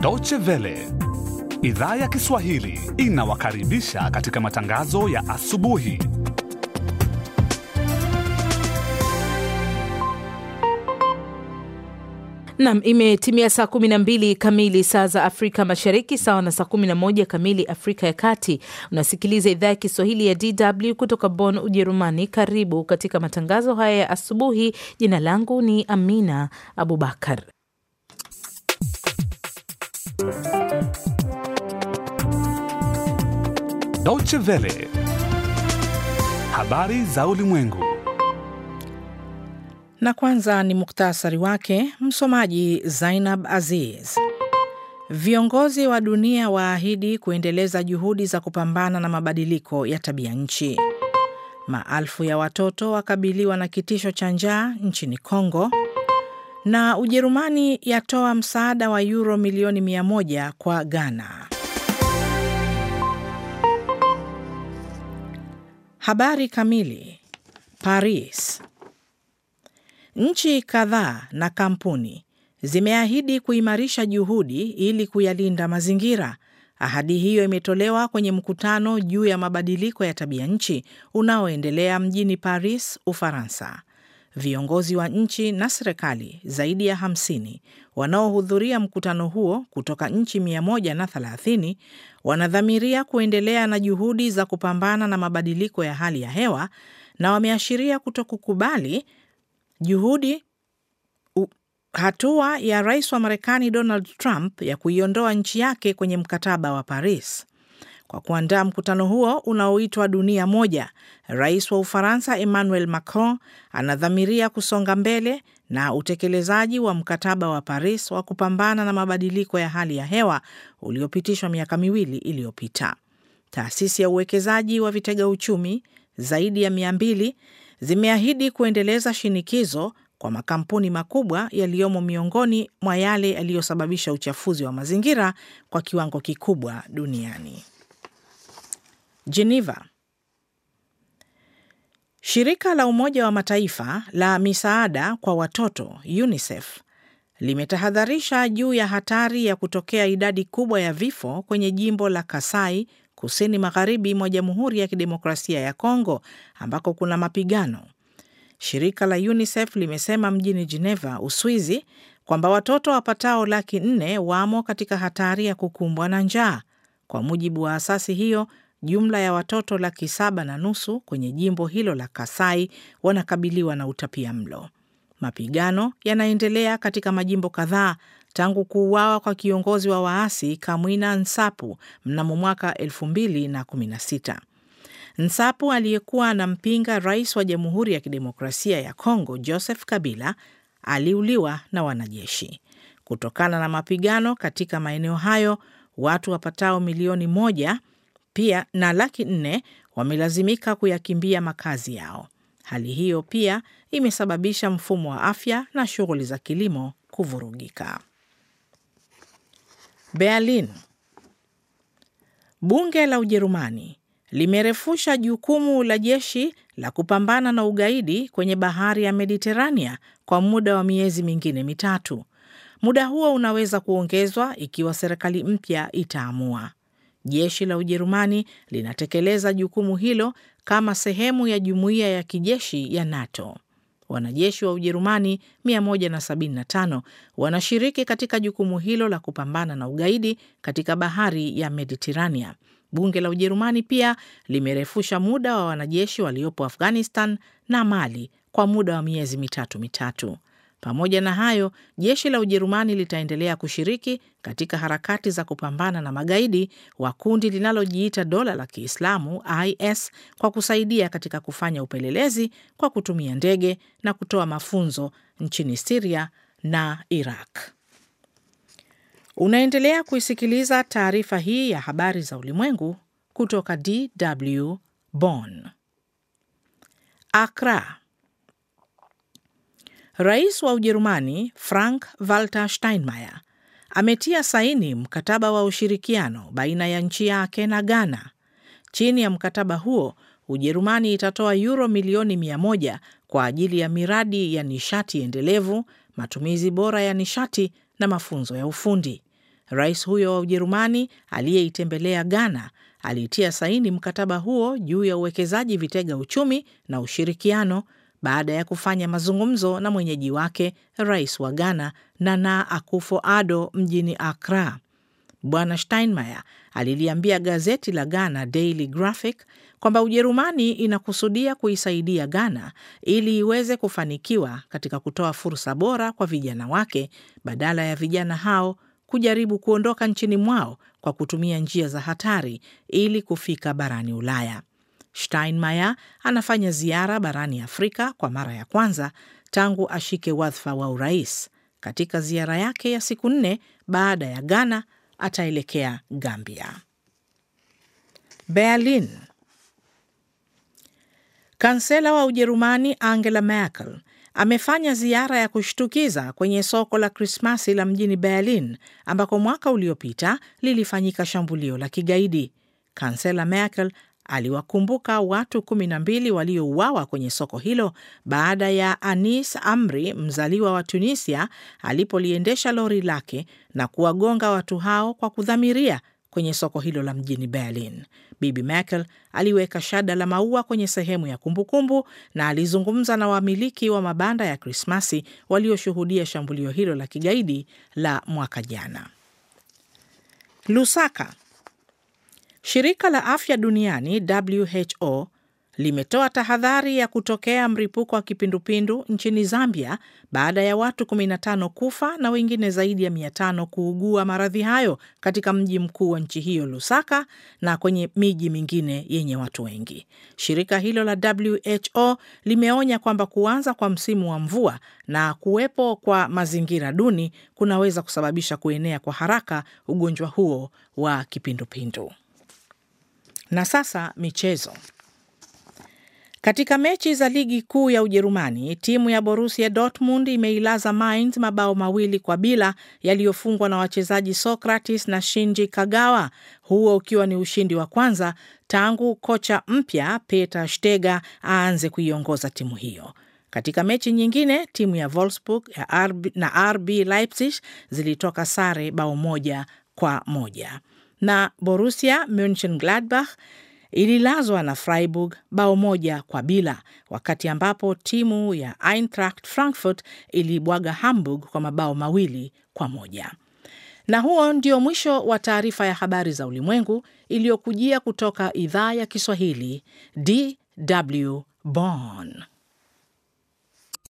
Deutsche Welle idhaa ya Kiswahili inawakaribisha katika matangazo ya asubuhi Nam, imetimia saa kumi na mbili kamili saa za Afrika Mashariki, sawa na saa kumi na moja kamili Afrika ya Kati. Unasikiliza idhaa ya Kiswahili ya DW kutoka Bonn, Ujerumani. Karibu katika matangazo haya ya asubuhi. Jina langu ni Amina Abubakar. Deutsche Welle, habari za ulimwengu na kwanza ni muktasari wake. Msomaji Zainab Aziz. Viongozi wa dunia waahidi kuendeleza juhudi za kupambana na mabadiliko ya tabia nchi. Maelfu ya watoto wakabiliwa na kitisho cha njaa nchini Kongo, na Ujerumani yatoa msaada wa yuro milioni 1 kwa Ghana. Habari kamili. Paris, Nchi kadhaa na kampuni zimeahidi kuimarisha juhudi ili kuyalinda mazingira. Ahadi hiyo imetolewa kwenye mkutano juu ya mabadiliko ya tabia nchi unaoendelea mjini Paris, Ufaransa. Viongozi wa nchi na serikali zaidi ya 50 wanaohudhuria mkutano huo kutoka nchi 130 wanadhamiria kuendelea na juhudi za kupambana na mabadiliko ya hali ya hewa na wameashiria kutokukubali Juhudi hatua ya rais wa Marekani Donald Trump ya kuiondoa nchi yake kwenye mkataba wa Paris. Kwa kuandaa mkutano huo unaoitwa Dunia Moja, rais wa Ufaransa Emmanuel Macron anadhamiria kusonga mbele na utekelezaji wa mkataba wa Paris wa kupambana na mabadiliko ya hali ya hewa uliopitishwa miaka miwili iliyopita. Taasisi ya uwekezaji wa vitega uchumi zaidi ya mia mbili zimeahidi kuendeleza shinikizo kwa makampuni makubwa yaliyomo miongoni mwa yale yaliyosababisha uchafuzi wa mazingira kwa kiwango kikubwa duniani. Geneva. Shirika la Umoja wa Mataifa la misaada kwa watoto UNICEF limetahadharisha juu ya hatari ya kutokea idadi kubwa ya vifo kwenye jimbo la Kasai kusini magharibi mwa Jamhuri ya Kidemokrasia ya congo ambako kuna mapigano. Shirika la UNICEF limesema mjini Geneva, Uswizi, kwamba watoto wapatao laki nne wamo katika hatari ya kukumbwa na njaa. Kwa mujibu wa asasi hiyo, jumla ya watoto laki saba na nusu kwenye jimbo hilo la Kasai wanakabiliwa na utapia mlo. Mapigano yanaendelea katika majimbo kadhaa tangu kuuawa kwa kiongozi wa waasi Kamwina Nsapu mnamo mwaka 2016. Nsapu aliyekuwa anampinga rais wa Jamhuri ya Kidemokrasia ya Kongo Joseph Kabila aliuliwa na wanajeshi. Kutokana na mapigano katika maeneo hayo, watu wapatao milioni moja pia na laki nne wamelazimika kuyakimbia makazi yao. Hali hiyo pia imesababisha mfumo wa afya na shughuli za kilimo kuvurugika. Berlin. Bunge la Ujerumani limerefusha jukumu la jeshi la kupambana na ugaidi kwenye bahari ya Mediterania kwa muda wa miezi mingine mitatu. Muda huo unaweza kuongezwa ikiwa serikali mpya itaamua. Jeshi la Ujerumani linatekeleza jukumu hilo kama sehemu ya jumuiya ya kijeshi ya NATO. Wanajeshi wa Ujerumani 175 wanashiriki katika jukumu hilo la kupambana na ugaidi katika bahari ya Mediterania. Bunge la Ujerumani pia limerefusha muda wa wanajeshi waliopo Afghanistan na Mali kwa muda wa miezi mitatu mitatu. Pamoja na hayo, jeshi la Ujerumani litaendelea kushiriki katika harakati za kupambana na magaidi wa kundi linalojiita dola la Kiislamu IS kwa kusaidia katika kufanya upelelezi kwa kutumia ndege na kutoa mafunzo nchini Siria na Iraq. Unaendelea kuisikiliza taarifa hii ya habari za ulimwengu kutoka DW Bonn. Akra Rais wa Ujerumani Frank Walter Steinmeier ametia saini mkataba wa ushirikiano baina ya nchi yake na Ghana. Chini ya mkataba huo, Ujerumani itatoa yuro milioni 1 kwa ajili ya miradi ya nishati endelevu, matumizi bora ya nishati na mafunzo ya ufundi. Rais huyo wa Ujerumani aliyeitembelea Ghana alitia saini mkataba huo juu ya uwekezaji vitega uchumi na ushirikiano baada ya kufanya mazungumzo na mwenyeji wake rais wa Ghana Nana akufo ado mjini Accra. Bwana Steinmeier aliliambia gazeti la Ghana Daily Graphic kwamba Ujerumani inakusudia kuisaidia Ghana ili iweze kufanikiwa katika kutoa fursa bora kwa vijana wake badala ya vijana hao kujaribu kuondoka nchini mwao kwa kutumia njia za hatari ili kufika barani Ulaya. Steinmeier anafanya ziara barani Afrika kwa mara ya kwanza tangu ashike wadhifa wa urais. Katika ziara yake ya siku nne baada ya Ghana, ataelekea Gambia. Berlin. Kansela wa Ujerumani Angela Merkel amefanya ziara ya kushtukiza kwenye soko la Krismasi la mjini Berlin ambako mwaka uliopita lilifanyika shambulio la kigaidi. Kansela Merkel aliwakumbuka watu kumi na mbili waliouawa kwenye soko hilo baada ya Anis Amri, mzaliwa wa Tunisia, alipoliendesha lori lake na kuwagonga watu hao kwa kudhamiria kwenye soko hilo la mjini Berlin. Bibi Merkel aliweka shada la maua kwenye sehemu ya kumbukumbu kumbu, na alizungumza na wamiliki wa mabanda ya Krismasi walioshuhudia shambulio hilo la kigaidi la mwaka jana. Lusaka Shirika la Afya Duniani WHO limetoa tahadhari ya kutokea mlipuko wa kipindupindu nchini Zambia baada ya watu 15 kufa na wengine zaidi ya 500 kuugua maradhi hayo katika mji mkuu wa nchi hiyo Lusaka na kwenye miji mingine yenye watu wengi. Shirika hilo la WHO limeonya kwamba kuanza kwa msimu wa mvua na kuwepo kwa mazingira duni kunaweza kusababisha kuenea kwa haraka ugonjwa huo wa kipindupindu. Na sasa michezo. Katika mechi za ligi kuu ya Ujerumani, timu ya Borusia Dortmund imeilaza Mainz mabao mawili kwa bila yaliyofungwa na wachezaji Socrates na Shinji Kagawa, huo ukiwa ni ushindi wa kwanza tangu kocha mpya Peter Stega aanze kuiongoza timu hiyo. Katika mechi nyingine, timu ya Wolfsburg na RB Leipzig zilitoka sare bao moja kwa moja na borusia Borussia gladbach ililazwa na Freiburg bao moja kwa bila, wakati ambapo timu ya Eintracht Frankfurt ilibwaga Hamburg kwa mabao mawili kwa moja. Na huo ndio mwisho wa taarifa ya habari za ulimwengu iliyokujia kutoka idhaa ya Kiswahili DW Bonn.